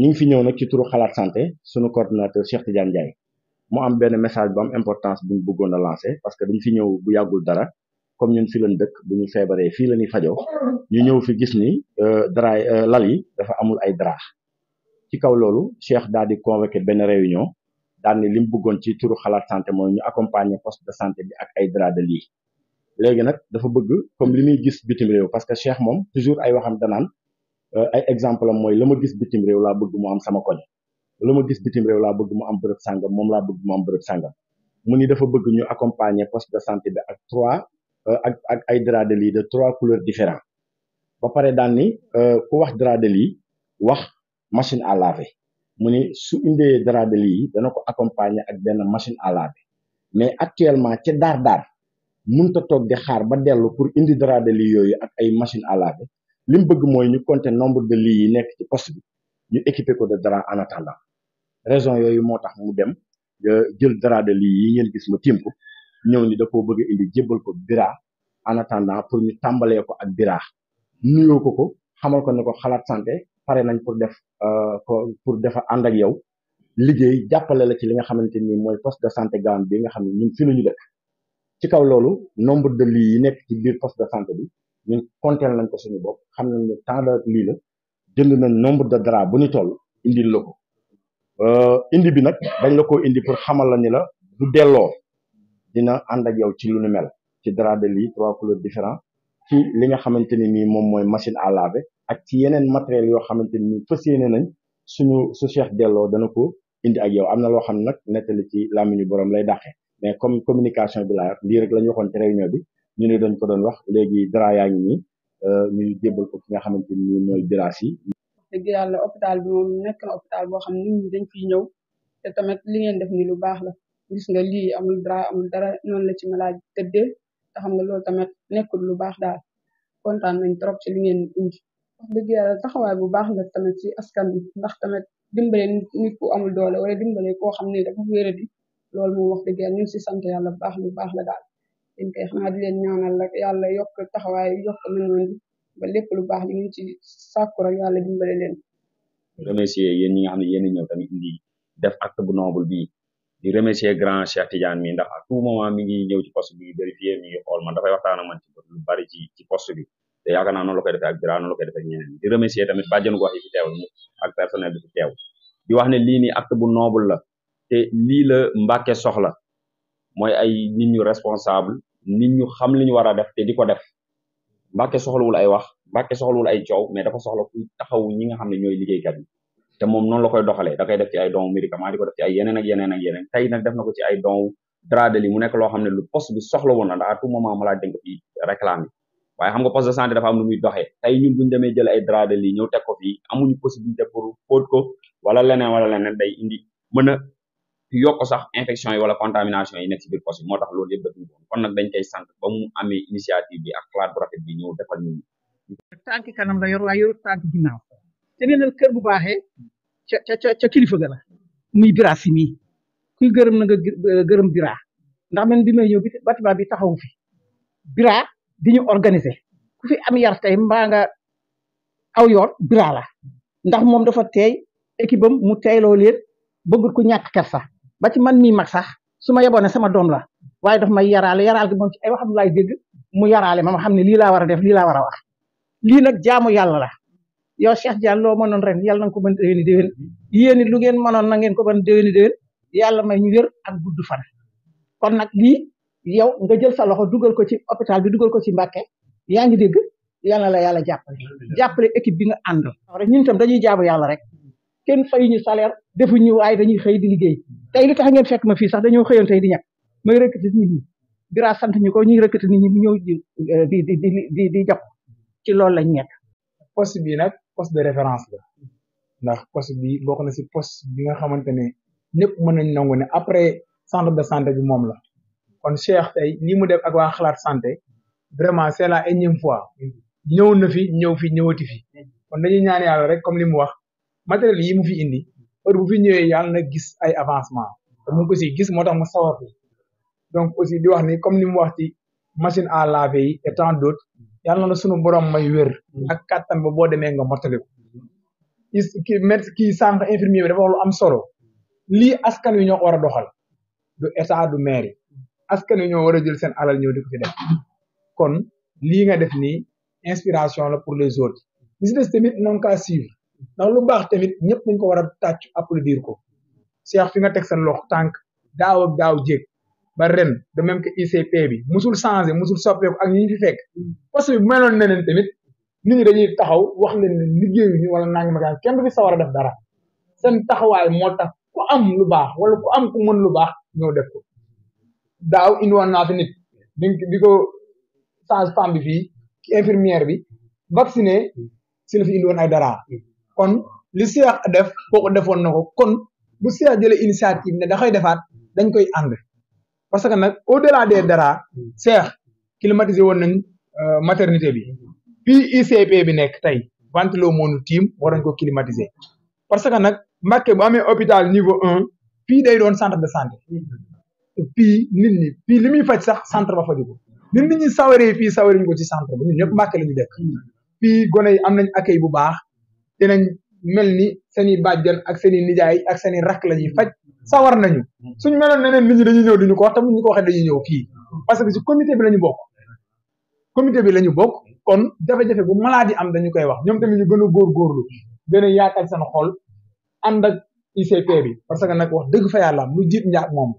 ñu ngi fi ñëw nag ci turu xalaat santé sunu coordinateur Cheikh Tidiane Ndiaye mu am benn message bu am importance bu ñu bëggoon lancé parce que dañu fi ñëw bu yàggul dara comme ñun fi lañ dëkk buñu feebaree fii la ñuy fajoo ñu ñëw fi gis ni euh, daraay euh, lal yi dafa amul ay dara ci kaw loolu Cheikh daal di convoqué benn réunion daal ni li mu bëggoon ci turu xalaat santé mooy ñu accompagner poste de santé bi ak ay dra de lii léegi nag dafa bëgg comme li muy gis bitim réew parce que Cheikh moom toujours ay waxam danaan Euh, ay exemple am mooy la ma gis bitim réew laa bëgg mu am sama koñ la ma gis bitim réew laa bëgg mu am bërëb sàngam moom laa bëgg mu am bërëb sàngam mu ni dafa bëgg ñu accompagner poste de santé bi ak trois euh, ak ak ay draps de de trois couleurs différentes ba pare daal ni euh, ku wax draps de wax machine à laver mu ni su indee draps de yi dana ko accompagner ak benn machine à laver mais actuellement ci daar daar mënut a toog di xaar ba dellu pour indi draps de yooyu ak ay machine à li mu bëgg mooy ñu compter nombre de lii yi nekk ci poste bi ñu équiper ko de draps en attendant raison yooyu moo tax mu dem jël draps de lits yi ngeen gis ma tiim ko ñëw ni da ko bëgg a indi jébbal ko biraa en attendant pour ñu tàmbalee ko ak biraa nuyoo ko ko xamal ko ne ko xalaat santé pare nañ pour def euh, pour defa ànd ak yow liggéey jàppale la ci li nga xamante ni mooy poste de sante gaan bi nga xam ne ñun fi la ñu dëkk ci kaw loolu nombre de lits yi nekk ci biir poste de bi ñun konteel nañ ko suñu bopp xam nañ ne temps de lii la jënd nañ nombre de drap bu ñu toll indil la ko euh, indi bi nag dañ la ko indi pour xamal la ni la du delloo dina ànd ak yow ci lu nu mel ci drap de lii trois couleurs différents ci li nga xamante ni nii moom mooy machine à laver ak ci yeneen matériel yoo xamante ni nii fas yéene nañ suñu su Cheikh delloo dana ko indi ak yow am na loo xam nag nettali ci làmmiñu borom lay dàqee mais comme communication bi laa lii rek ñu waxoon ci réunion bi ñu ne dañ ko doon wax léegi dara yaa ngi nii euh, ñuy jébbal ki nga xamante ni mooy biraas yi. wax dëgg yàlla hôpital bi nekk na boo xam nit dañ fiy ñëw te tamit li ngeen def ni lu baax la gis nga lii amul dara amul dara noonu la ci malade tëddee te xam nga loolu tamit nekkul lu baax daal kontaan nañ trop ci li ngeen indi. wax dëgg yàlla taxawaay bu baax la tamit ci askan bi ndax tamit dimbale nit ku amul doole wala dimbale koo xam ne dafa wéradi loolu moom wax dëgg yàlla ñu si sant yàlla bu baax lu baax la daal. dañ koy xanaa yàlla yokk taxawaay yokk mënoon bi ba lépp baax li ci sàkku rek yàlla dimbale leen remercier yéen ñi ne yéen ñëw tamit indi def acte bu noble bii di remercier grand Cheikh Tidiane mi ndax à moment mi ngi ñëw ci poste bi vérifier mi xool man dafay waxtaan ak ci bari ci post bi te yaakaar naa noonu la koy ak bira noonu la koy defee ak di remercier tamit bàjjenu gox yi fi teew ak personnel bi teew di wax ne lii nii acte bu noble la te lii la Mbàkke soxla mooy ay nit ñu responsable nit ñu xam li ñu war a def te di ko def Mbàkke soxlawul ay wax Mbàkke soxlawul ay coow mais dafa soxla ku ñi nga xam ne ñooy liggéeykat yi te moom noonu la koy doxalee da koy def ci ay dons médicament di ko def ay yeneen ak yeneen ak yeneen tey nag def ko ci ay dons drap de lit mu nekk loo xam ne lu poste bi soxla woon na à tout moment malade dañ ko fi réclamer waaye xam nga poste de santé dafa am lu muy doxee tey ñun buñu demee jël ay drap de lit ñëw teg ko fii amuñu possibilité pour fóot ko wala leneen wala leneen day indi mën a yokk sax infection yi wala contamination yi nekk ci biir bi moo tax loolu yëpp defuñu woon kon nag dañ koy sant ba mu amee initiative bi ak xalaat bu rafet bi ñëw defal na kër bu baaxee ca ca ca kilifa ga la muy bira si ku kuy gërëm na nga gërëm bira ndax man bi may ñëw bi bâtiment bi taxawu fi bira di ñu organiser ku fi am yar tey mbaa nga aw yoon bira la ndax moom dafa teey équipe am mu teeyloo leen bëggul ko ñàkk kersa ba ci man mii mag sax su ma yeboon ne sama doom la waaye daf may yaraale yaraal gi moom ci ay waxam laay dégg mu yaraale ma xam ne lii laa war a def li laa war a wax lii nag jaamu yàlla la yow Cheikh Diallo loo mënoon ren yàlla na ko mën déwéni déwén yéen lu ngeen mënoon na ko mën déwéni déwén yàlla may ñu wér ak gudd fan kon nag lii yow nga jël sa loxo dugal ko ci hôpital bi dugal ko ci Mbàkke yaa ngi dégg yàlla la yàlla jàppale jàppale équipe bi nga àndal a ñun tam dañuy jaamu yàlla rek kenn fayuñu salaire defuñu waaye dañuy xëy di liggéey tey li tax ngeen fekk ma fii sax dañoo xëyoon tey di ñàkk may rëkkati nit ñi bira sant ñu ko ñuy rëkkati nit ñi di ñëw euh, di di di di jox ci loolu lañ nekk. poste bi nag poste de référence la ndax poste bi bokk na si post bi nga xamante ne ñëpp mën nañ nangu ne après centre de santé bi moom la kon Cheikh tey lii mu def ak waa xalaat santé vraiment c'est la énième fois ñëw na fi ñëw fi ñëwati fi kon dañuy ñaan yàlla rek comme li mu wax. matériel yi mu fi indi heure bu fi ñëwee yàlla na gis ay avancement te gis moo tax mu sawar fi donc aussi di wax ni comme ni mu wax ci machine à laver yi et tant d'autres yàlla sunu borom may wér ak kàttan ba boo demee nga mottali ko ki médecin kii sànq infirmier bi dafa wax am solo lii askan wi ñoo war a doxal du état du maire yi askan wi ñoo war a jël seen alal ñëw di fi def kon lii nga def nii inspiration la pour les autres ñi si tamit non ka suivre ndax lu baax tamit ñëpp dañ ko war a tàcc applaudir ko Cheikh fi nga teg sa lox tànk daaw ak daaw jéeg ba ren de même que ICP bi musul changé musul soppeeku ak ñi ñu fi fekk parce que bu meloon neneen tamit nit ñi dañuy taxaw wax leen ne liggéeyu ñu wala naa ngi magaan kenn du fi sawar a def dara seen taxawaay moo tax ku am lu baax wala ku am ku mën lu baax ñoo def ko daaw indiwoon naa fi nit di di ko sage femme bi fii infirmière bi vacciné si la fi indiwoon ay dara kon li Cheikh def kooku defoon na ko kon bu Cheikh jëlee initiative ne da koy defaat dañ koy ànd parce que nag au delà des dara Cheikh climatisé woon nañ euh, maternité bi fii ICP bi nekk tey ventilo moonu tiim waroon ko climatiser parce que nag Mbàkke bu amee hôpital niveau un fii day doon centre de santé fii nit ñi fii li muy faj sax centre ba faju ko nit ñi sawaree fii sawaree ñu ko ci centre bi ñun ñëpp ñu dëkk fii gone yi am nañ accueil bu baax dinañ mel ni seen i bàjjan ak seen nijaay ak seen i rakk la ñuy faj sawar nañu suñ meloon neneen nit ñi dañuy ñëw duñu ko wax mu ñu ko waxee dañuy ñëw fii parce que ci comité bi la bokk comité bi la ñu bokk kon jafe-jafe bu yi am dañu koy wax ñoom tamit ñu gën a góorgóorlu gën a yaatal seen xol ànd ak ICP bi parce que nag wax dëgg fa yàlla lu jiit njaat moom